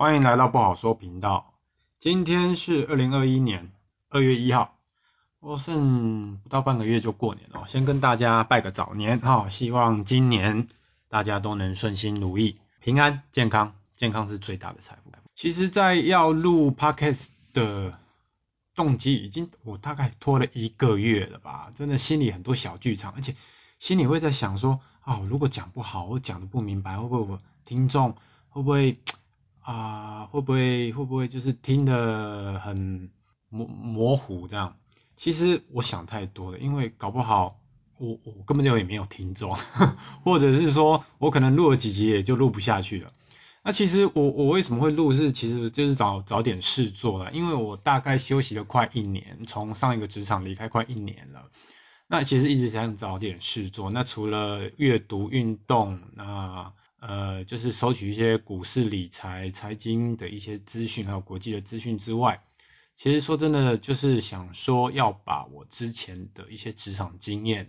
歡迎來到不好說頻道。今天是二零二一年二月一號，我、哦、剩不到半個月就過年了、哦。先跟大家拜個早年哈、哦，希望今年大家都能順心如意、平安健康。健康是最大的財富。其實，在要錄 podcast 的動機，已經我大概拖了一個月了吧？真的心裡很多小劇場，而且心裡會在想說啊、哦，如果講不好，我講得不明白，會不會我聽眾會不會？啊，會不會會不會就是聽得很模模糊這樣？其實我想太多了，因為搞不好我我根本就也沒有聽眾，或者是說我可能錄了幾集也就錄不下去了。那其實我我為什麼會錄是其實就是找找點事做了，因為我大概休息了快一年，從上一個職場離開快一年了。那其實一直想找點事做，那除了閱讀、運動，那、呃。呃，就是收取一些股市理財、財經的一些資訊，還有國際的資訊之外，其實說真的，就是想說要把我之前的一些職場經驗，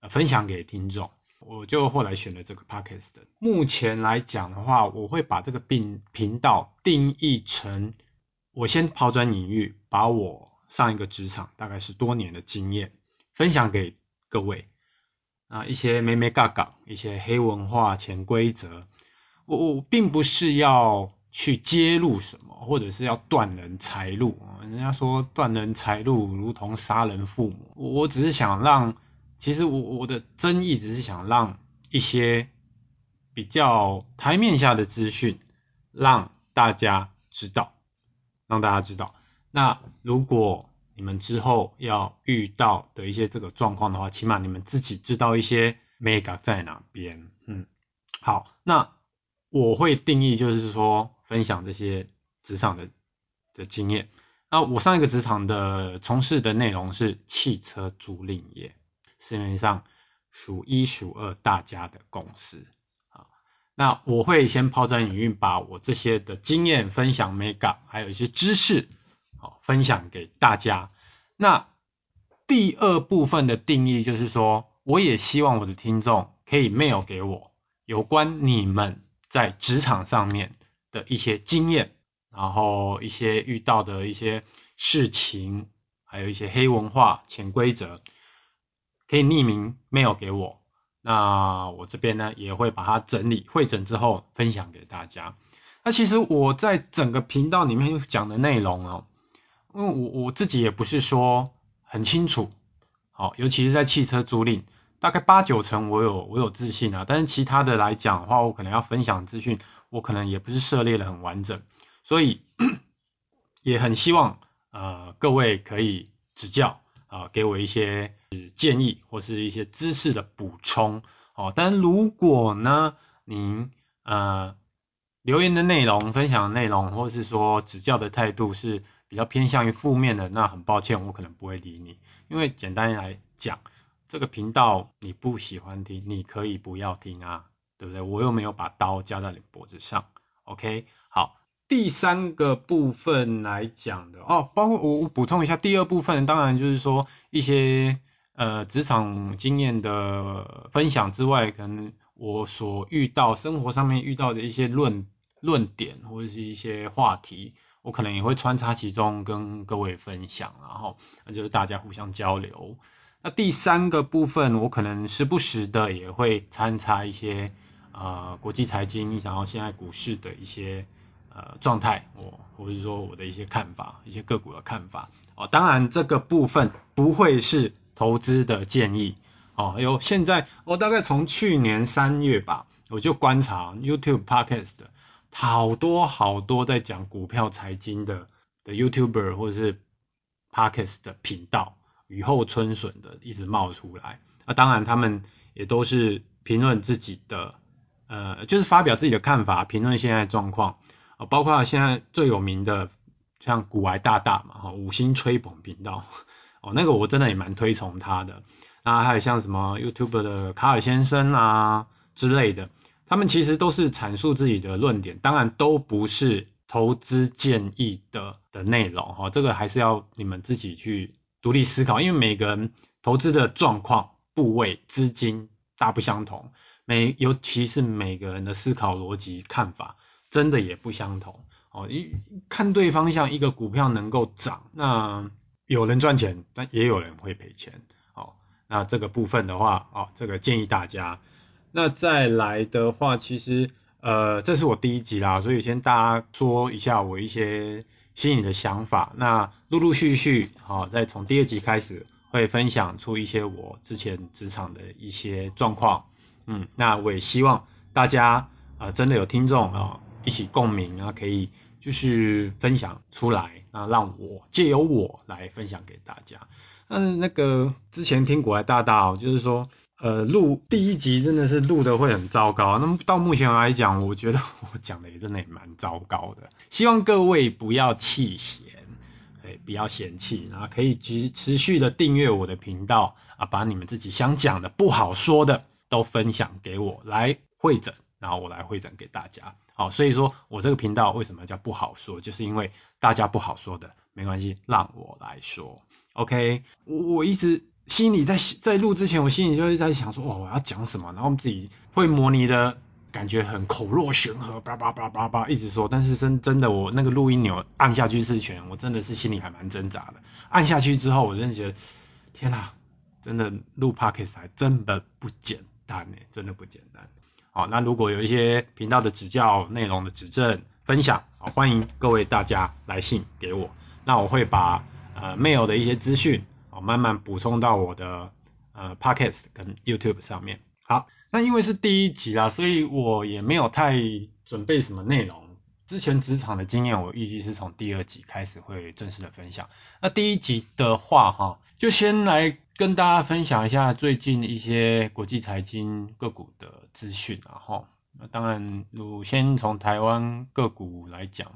呃，分享給聽眾。我就後來選了這個 podcast。目前來講的話，我會把這個頻頻道定義成，我先拋磚引玉，把我上一個職場大概十多年的經驗分享給各位。啊，一些咩咩尬尬，一些黑文化潛規則，我我並不是要去揭露什麼，或者是要斷人財路。人家說斷人財路如同殺人父母。我，我只是想讓，其實我我的真意只是想讓一些比較台面下的資訊讓大家知道，讓大家知道。那如果你們之後要遇到的一些這個狀況的話，起碼你們自己知道一些眉角在哪邊，嗯，好，那我會定義就是說，分享這些職場的的經驗。那我上一個職場的從事的內容是汽車租賃業，市面上數一數二大家的公司啊。那我會先拋磚引玉，把我這些的經驗分享眉角，還有一些知識。好，分享給大家。那第二部分的定義就是說，我也希望我的聽眾可以 mail 給我有關你們在職場上面的一些經驗，然後一些遇到的一些事情，還有一些黑文化、潛規則，可以匿名 mail 給我。那我這邊呢，也會把它整理、彙整之後分享給大家。那其實我在整個頻道裡面講的內容哦。因為我我自己也不是說很清楚，好，尤其是在汽車租賃，大概八九成我有我有自信啊，但是其他的來講的話，我可能要分享資訊，我可能也不是涉獵的很完整，所以也很希望呃各位可以指教啊、呃，給我一些建議或是一些知識的補充，哦、呃，但如果呢您呃留言的內容、分享的內容或是說指教的態度是。比較偏向於負面的，那很抱歉，我可能不會理你，因為簡單來講，這個頻道你不喜歡聽，你可以不要聽啊，對不對？我又沒有把刀架在你脖子上，OK？好，第三個部分來講的哦，包括我補充一下，第二部分當然就是說一些呃職場經驗的分享之外，可能我所遇到生活上面遇到的一些論論點或者是一些話題。我可能也會穿插其中跟各位分享，然後那就是大家互相交流。那第三個部分，我可能時不時的也會穿插一些呃國際財經，然後現在股市的一些呃狀態，我或是說我的一些看法，一些個股的看法。哦，當然這個部分不會是投資的建議。哦，有、哎、現在我、哦、大概從去年三月吧，我就觀察 YouTube Podcast 的。好多好多在講股票財經的的 YouTuber 或者是 Podcast 的頻道，雨後春筍的一直冒出來。那、啊、當然，他們也都是評論自己的，呃，就是發表自己的看法，評論現在狀況啊，包括現在最有名的像股癌大大嘛，哈，五星吹捧頻道，哦，那個我真的也蠻推崇他的。啊，還有像什麼 YouTuber 的卡爾先生啊之類的。他們其實都是闡述自己的論點，當然都不是投資建議的的內容哈，哦，這個還是要你們自己去獨立思考，因為每個人投資的狀況、部位、資金大不相同，每尤其是每個人的思考邏輯、看法真的也不相同哦。一看對方向，一個股票能夠漲，那有人賺錢，但也有人會賠錢哦。那這個部分的話，哦，這個建議大家。那再來的話，其實呃，這是我第一集啦，所以先大家說一下我一些心裡的想法。那陸陸續續，好、哦，再從第二集開始，會分享出一些我之前職場的一些狀況。嗯，那我也希望大家啊、呃，真的有聽眾啊、哦，一起共鳴啊，可以就是分享出來，啊，讓我借由我來分享給大家。嗯，那個之前聽股海大大，就是說。呃，錄第一集真的是錄得會很糟糕，啊，那麼到目前來講，我覺得我講的也真的也蠻糟糕的，希望各位不要棄嫌，哎，不要嫌棄，然後可以持持續的訂閱我的頻道，啊，把你們自己想講的不好說的都分享給我來彙整，然後我來彙整給大家，好，所以說我這個頻道為什麼叫不好說，就是因為大家不好說的，沒關係，讓我來說，OK，我，我一直。心裡在在錄之前，我心裡就會在想說，哦，我要講什麼，然後我們自己會模擬的感覺很口若懸河，叭叭叭叭叭一直說。但是真真的，我那個錄音鈕按下去之前，我真的是心裡還蠻掙扎的。按下去之後，我真的覺得，天哪、啊，真的錄 podcast 還真的不簡單哎、欸，真的不簡單。好，那如果有一些頻道的指教、內容的指正、分享，好歡迎各位大家來信給我，那我會把呃 mail 的一些資訊。哦，慢慢補充到我的呃 Podcast 跟 YouTube 上面。好，那因為是第一集啦，所以我也沒有太準備什麼內容。之前職場的經驗，我預計是從第二集開始會正式的分享。那第一集的話哈，就先來跟大家分享一下最近一些國際財經個股的資訊啊。那當然，我先從台灣個股來講。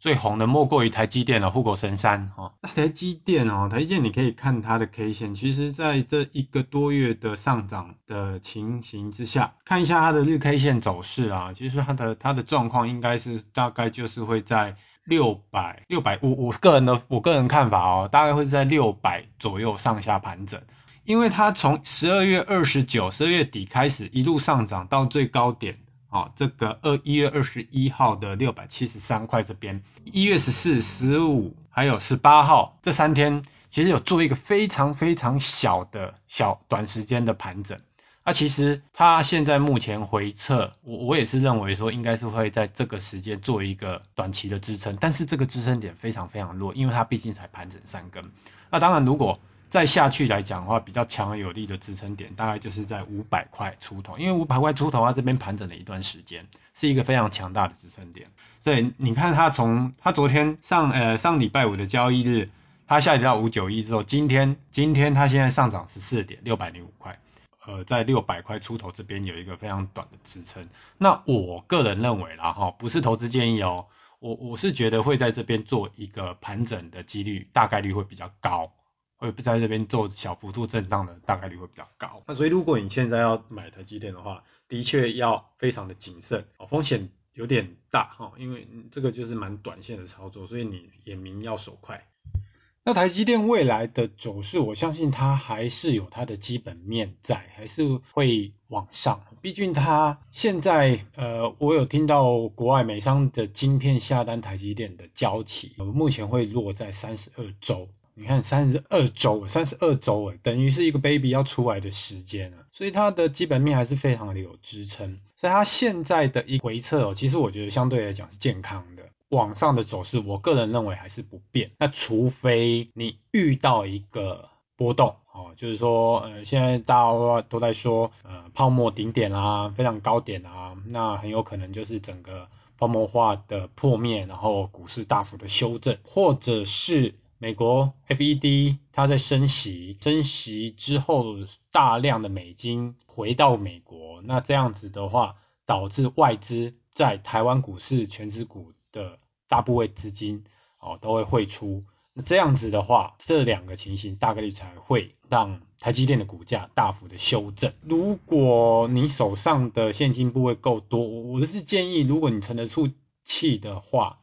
最紅的莫過於台積電的、哦、護國神山哦。那台積電哦，台積電你可以看它的 K 線，其實在這一個多月的上漲的情形之下，看一下它的日 K 線走勢啊，其實它的它的狀況應該是大概就是會在六百六百五，我個人的我個人看法哦，大概會在六百左右上下盤整，因為它從十二月二十九十二月底開始一路上漲到最高點。好、哦，這個二一月二十一號的六百七十三塊這邊，一月十四、十五還有十八號這三天，其實有做一個非常非常小的小短時間的盤整。那、啊、其實它現在目前回撤，我我也是認為說應該是會在這個時間做一個短期的支撐，但是這個支撐點非常非常弱，因為它畢竟才盤整三根。那、啊、當然如果再下去來講的話，比較強而有力的支撐點大概就是在五百塊出頭，因為五百塊出頭啊，這邊盤整了一段時間，是一個非常強大的支撐點。所以你看他，它從它昨天上呃上禮拜五的交易日，它下跌到五九一之後，今天今天它現在上漲十四點六百零五塊，呃，在六百塊出頭這邊有一個非常短的支撐。那我個人認為啦哈，不是投資建議哦，我我是覺得會在這邊做一個盤整的幾率，大概率會比較高。會不在這邊做小幅度震盪的大概率會比較高，那所以如果你現在要買台積電的話，的確要非常的謹慎哦，風險有點大哈，因為這個就是蠻短線的操作，所以你眼明要手快。那台積電未來的走勢，我相信它還是有它的基本面在，還是會往上，畢竟它現在呃，我有聽到國外美商的晶片下單台積電的交期，呃，目前會落在三十二周。你看三十二周，三十二周哎，等於是一個 baby 要出來的時間了、啊，所以它的基本面還是非常的有支撐，所以它現在的一回撤哦、喔，其實我覺得相對來講是健康的，往上的走勢，我個人認為還是不變。那除非你遇到一個波動哦、喔，就是說呃，現在大家都在說呃泡沫頂點啦、啊，非常高點啊，那很有可能就是整個泡沫化的破滅，然後股市大幅的修正，或者是。美國 FED 它在升息，升息之後大量的美金回到美國，那這樣子的話，導致外資在台灣股市權值股的大部位資金哦都會匯出，那這樣子的話，這兩個情形大概率才會讓台積電的股價大幅的修正。如果你手上的現金部位夠多，我是建議如果你沉得住氣的話，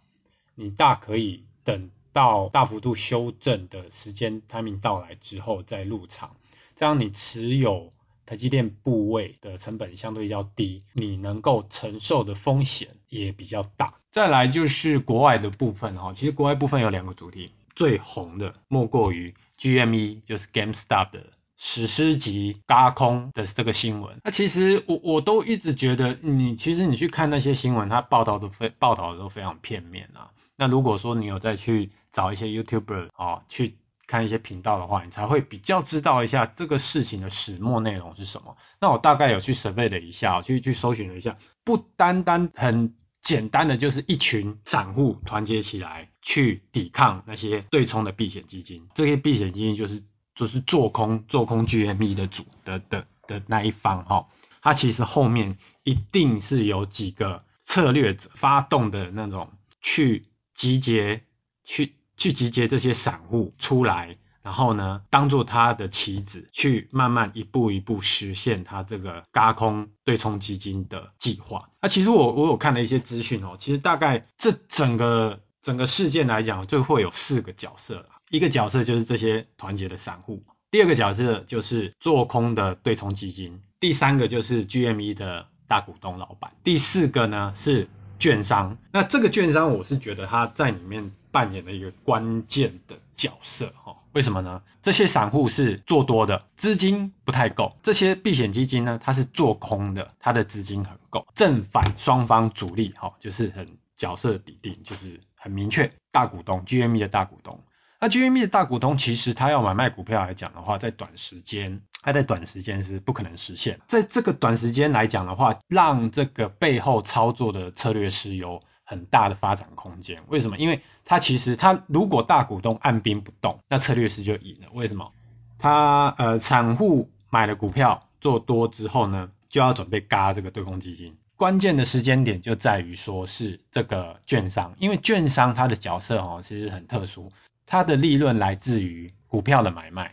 你大可以等。到大幅度修正的時間 timing 到來之後再入場，這樣你持有台積電部位的成本相對較低，你能夠承受的風險也比較大。再來就是國外的部分哈、哦，其實國外部分有兩個主題，最紅的莫過於 GME，就是 GameStop 的史詩級嘎空的這個新聞。那其實我我都一直覺得你，你其實你去看那些新聞，它報道的非報道的都非常片面啊。那如果說你有再去找一些 YouTuber，哦，去看一些頻道的話，你才會比較知道一下這個事情的始末內容是什麼。那我大概有去 survey 了一下，去去搜尋了一下，不單單很簡單的就是一群散戶團結起來去抵抗那些對沖的避險基金，這些避險基金就是就是做空做空 GME 的主的、的、的，的那一方哈，哦，它其實後面一定是有幾個策略者發動的那種去集結去。去集結這些散戶出來，然後呢，當做他的棋子，去慢慢一步一步實現他這個軋空對沖基金的計劃。那，啊，其實我我有看了一些資訊哦，其實大概這整個整個事件來講，就會有四個角色，一個角色就是這些團結的散戶，第二個角色就是做空的對沖基金，第三個就是 GME 的大股東老闆，第四個呢是券商。那這個券商，我是覺得它在裡面。扮演了一個關鍵的角色，哈，為什麼呢？這些散戶是做多的，資金不太夠；這些避險基金呢，它是做空的，它的資金很夠。正反雙方主力，哈，就是很角色底定，就是很明確。大股東 GME 的大股東，那 GME 的大股東其實他要買賣股票來講的話，在短時間，他在短時間是不可能實現。在這個短時間來講的話，讓這個背後操作的策略是由。很大的發展空間，為什麼？因為他其實他如果大股東按兵不動，那策略師就贏了。為什麼？他呃散戶買了股票做多之後呢，就要準備嘎這個對公基金。關鍵的時間點就在於說是這個券商，因為券商它的角色哦、喔、其實很特殊，它的利潤來自於股票的買賣，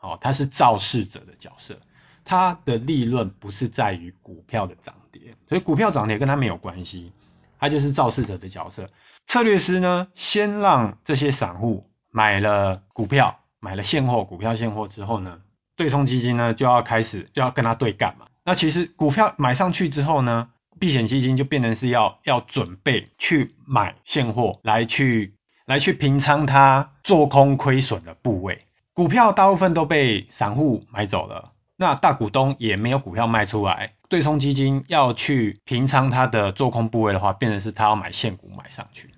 哦、喔、它是造市者的角色，它的利潤不是在於股票的漲跌，所以股票漲跌跟它沒有關係。他、啊、就是造勢者的角色。策略師呢，先讓這些散戶買了股票，買了現貨，股票現貨之後呢，對沖基金呢就要開始就要跟他對幹嘛？那其實股票買上去之後呢，避險基金就變成是要要準備去買現貨來去來去平倉它做空虧損的部位。股票大部分都被散戶買走了。那大股東也沒有股票賣出來，對沖基金要去平倉它的做空部位的話，變成是他要買現股買上去，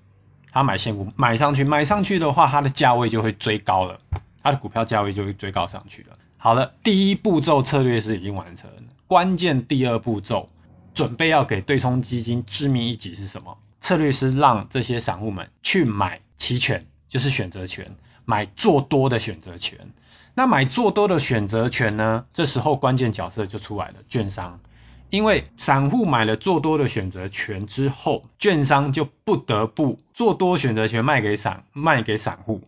他買現股買上去，買上去的話，它的價位就會追高了，它的股票價位就會追高上去了。好了，第一步驟策略是已經完成了，關鍵第二步驟準備要給對沖基金致命一擊是什麼？策略是讓這些散戶們去買期權，就是選擇權，買做多的選擇權。那買做多的選擇權呢？這時候關鍵角色就出來了，券商。因為散戶買了做多的選擇權之後，券商就不得不做多選擇權賣給散，賣給散戶。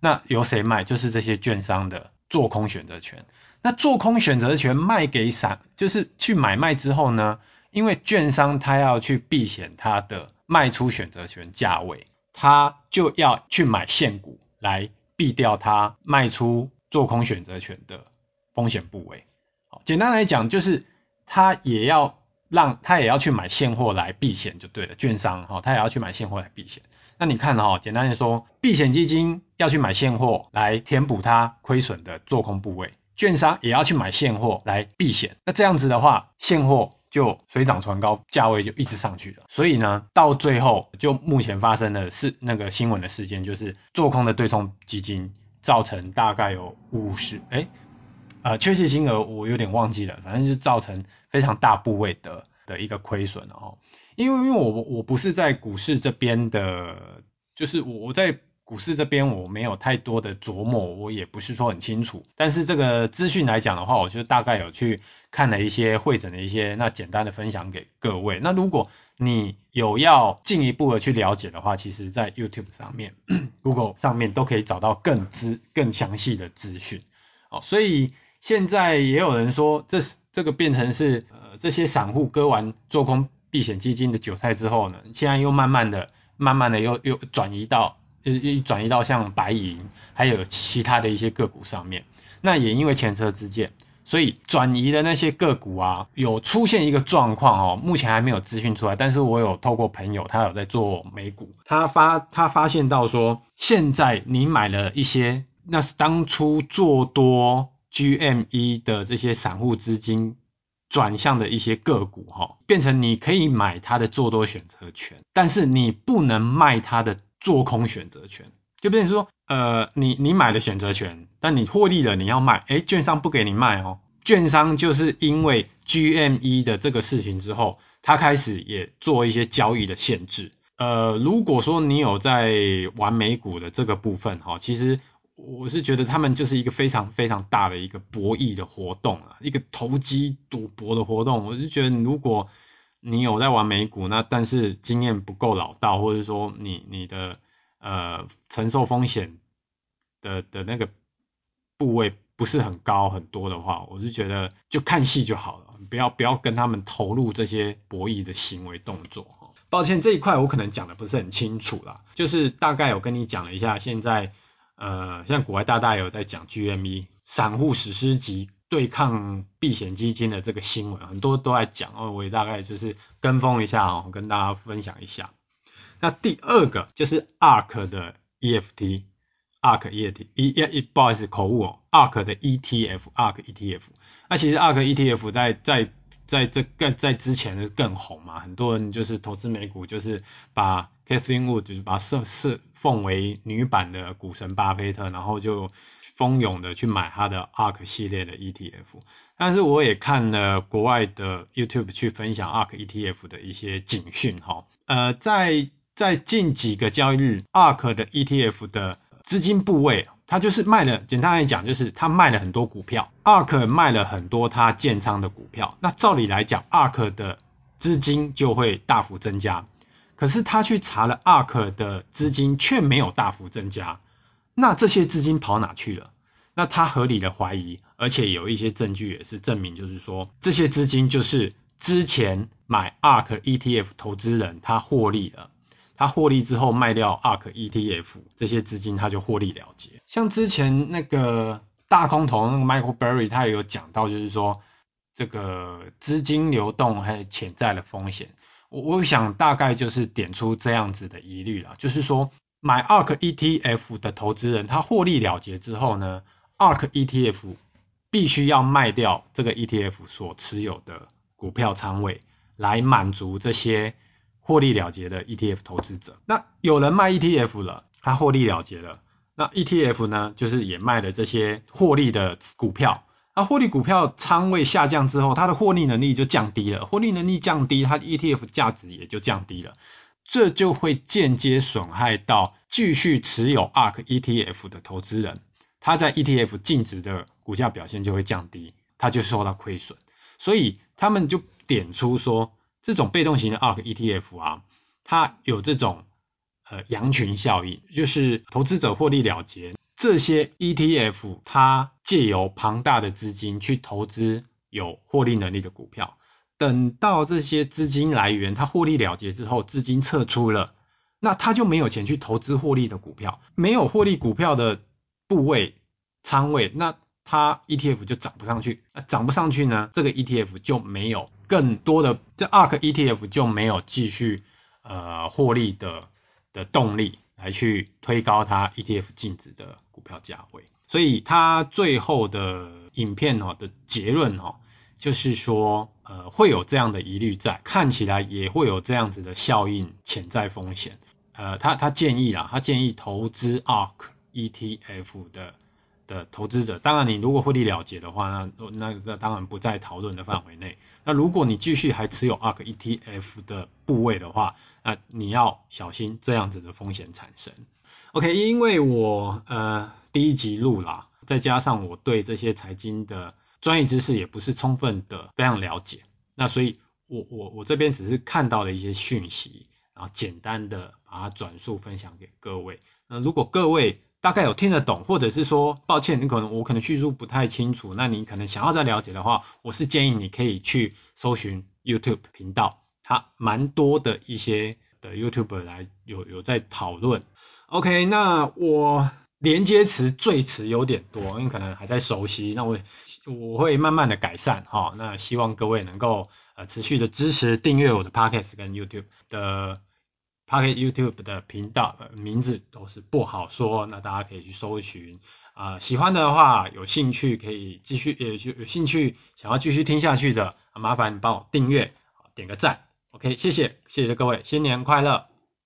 那由誰賣？就是這些券商的做空選擇權。那做空選擇權賣給散，就是去買賣之後呢？因為券商他要去避險，他的賣出選擇權價位，他就要去買現股來避掉他賣出。做空選擇權的風險部位，簡單來講就是他也要讓他也要去買現貨來避險就對了，券商哈他也要去買現貨來避險。那你看哈、哦，簡單來說，避險基金要去買現貨來填補它虧損的做空部位，券商也要去買現貨來避險。那這樣子的話，現貨就水漲船高，價位就一直上去了。所以呢，到最後就目前發生的是那個新聞的事件就是做空的對沖基金，造成大概有五十，哎，呃，確切金額我有點忘記了，反正就造成非常大部位的的一個虧損哦，因為因為我我不是在股市這邊的，就是我我在股市這邊我沒有太多的琢磨，我也不是說很清楚，但是這個資訊來講的話，我就大概有去。看了一些彙整的一些，那簡單的分享給各位。那如果你有要進一步的去了解的話，其實在 YouTube 上面、 Google 上面都可以找到更資、更詳細的資訊。哦，所以現在也有人說，這是這個變成是呃這些散戶割完做空避險基金的韭菜之後呢，現在又慢慢的、慢慢的又又轉移到，就是、又又轉移到像白銀還有其他的一些個股上面。那也因為前車之鑑。所以轉移的那些個股啊，有出現一個狀況哦，目前還沒有資訊出來，但是我有透過朋友，他有在做美股，他發他發現到說，現在你買了一些，那是當初做多 GME 的這些散戶資金轉向的一些個股哈、哦，變成你可以買它的做多選擇權，但是你不能賣它的做空選擇權。就變成說，呃，你你買了選擇權，但你獲利了，你要賣，哎，券商不給你賣哦。券商就是因為 GME 的這個事情之後，他開始也做一些交易的限制。呃，如果說你有在玩美股的這個部分，哈，其實我是覺得他們就是一個非常非常大的一個博弈的活動啊，一個投機賭博的活動。我是覺得，如果你有在玩美股，那但是經驗不夠老道，或者說你你的。呃，承受風險的的那個部位不是很高很多的話，我是覺得就看戲就好了，不要不要跟他們投入這些博弈的行為動作哈。抱歉，這一塊我可能講的不是很清楚啦，就是大概我跟你講了一下，現在呃，像國外大大有在講 GME 散戶史詩級對抗避險基金的這個新聞，很多都在講，哦，我也大概就是跟風一下哦，跟大家分享一下。那第二個就是 ARK 的 EFT，ARK EFT，E、E，不好意思口誤哦，ARK 的 ETF，ARK ETF。那其實 ARK ETF 在在在這更在，在之前是更紅嘛，很多人就是投資美股，就是把 Kathleen Wood 就是把視視奉為女版的股神巴菲特，然後就蜂擁的去買它的 ARK 系列的 ETF。但是我也看了國外的 YouTube 去分享 ARK ETF 的一些警訊哈，呃，在。在近幾個交易日，ARK 的 ETF 的資金部位，它就是賣了。簡單來講，就是他賣了很多股票，ARK 賣了很多他建倉的股票。那照理來講，ARK 的資金就會大幅增加。可是他去查了 ARK 的資金，卻沒有大幅增加。那這些資金跑哪去了？那他合理的懷疑，而且有一些證據也是證明，就是說這些資金就是之前買 ARK ETF 投資人他獲利了。他獲、啊、利之後賣掉 ARK ETF 這些資金，他就獲利了結。像之前那個大空頭那個 Michael Burry，他也有講到，就是說這個資金流動還有潛在的風險。我我想大概就是點出這樣子的疑慮啦，就是說買 ARK ETF 的投資人，他獲利了結之後呢，ARK ETF 必須要賣掉這個 ETF 所持有的股票倉位，來滿足這些。獲利了結的 ETF 投資者，那有人賣 ETF 了，他獲利了結了，那 ETF 呢，就是也賣了這些獲利的股票，那獲利股票倉位下降之後，它的獲利能力就降低了，獲利能力降低，它的 ETF 價值也就降低了，這就會間接損害到繼續持有 ARK ETF 的投資人，他在 ETF 淨值的股價表現就會降低，他就受到虧損，所以他們就點出說。這種被動型的 ARK ETF 啊，它有這種呃羊群效應，就是投資者獲利了結，這些 ETF 它藉由龐大的資金去投資有獲利能力的股票，等到這些資金來源它獲利了結之後，資金撤出了，那它就沒有錢去投資獲利的股票，沒有獲利股票的部位倉位，那它 ETF 就漲不上去，那漲不上去呢，這個 ETF 就沒有。更多的，這 ARK ETF 就沒有繼續呃獲利的的動力來去推高它 ETF 淨值的股票價位，所以它最後的影片哦的結論哦就是說呃會有這樣的疑慮在，看起來也會有這樣子的效應潛在風險，呃他他建議啦，他建議投資 ARK ETF 的。的投資者，當然你如果獲利了結的話，那那那當然不在討論的範圍內。那如果你繼續還持有 ARK ETF 的部位的話，那你要小心這樣子的風險產生。OK，因為我呃第一集錄啦，再加上我對這些財經的專業知識也不是充分的非常了解，那所以我我我這邊只是看到了一些訊息，然後簡單的把它轉述分享給各位。那如果各位，大概有聽得懂，或者是說抱歉，你可能我可能敘述不太清楚，那你可能想要再了解的話，我是建議你可以去搜尋 YouTube 頻道，它蠻多的一些的 YouTuber 來有有在討論。OK，那我連接詞贅詞有點多，因為可能還在熟悉，那我我會慢慢的改善哈、哦。那希望各位能夠呃持續的支持訂閱我的 Podcast 跟 YouTube 的。他 YouTube 的頻道，呃，名字都是不好說，那大家可以去搜尋啊，呃，喜歡的話有興趣可以繼續，也，呃，就有興趣想要繼續聽下去的，麻煩你幫我訂閱，點個讚，OK，謝謝謝謝各位，新年快樂！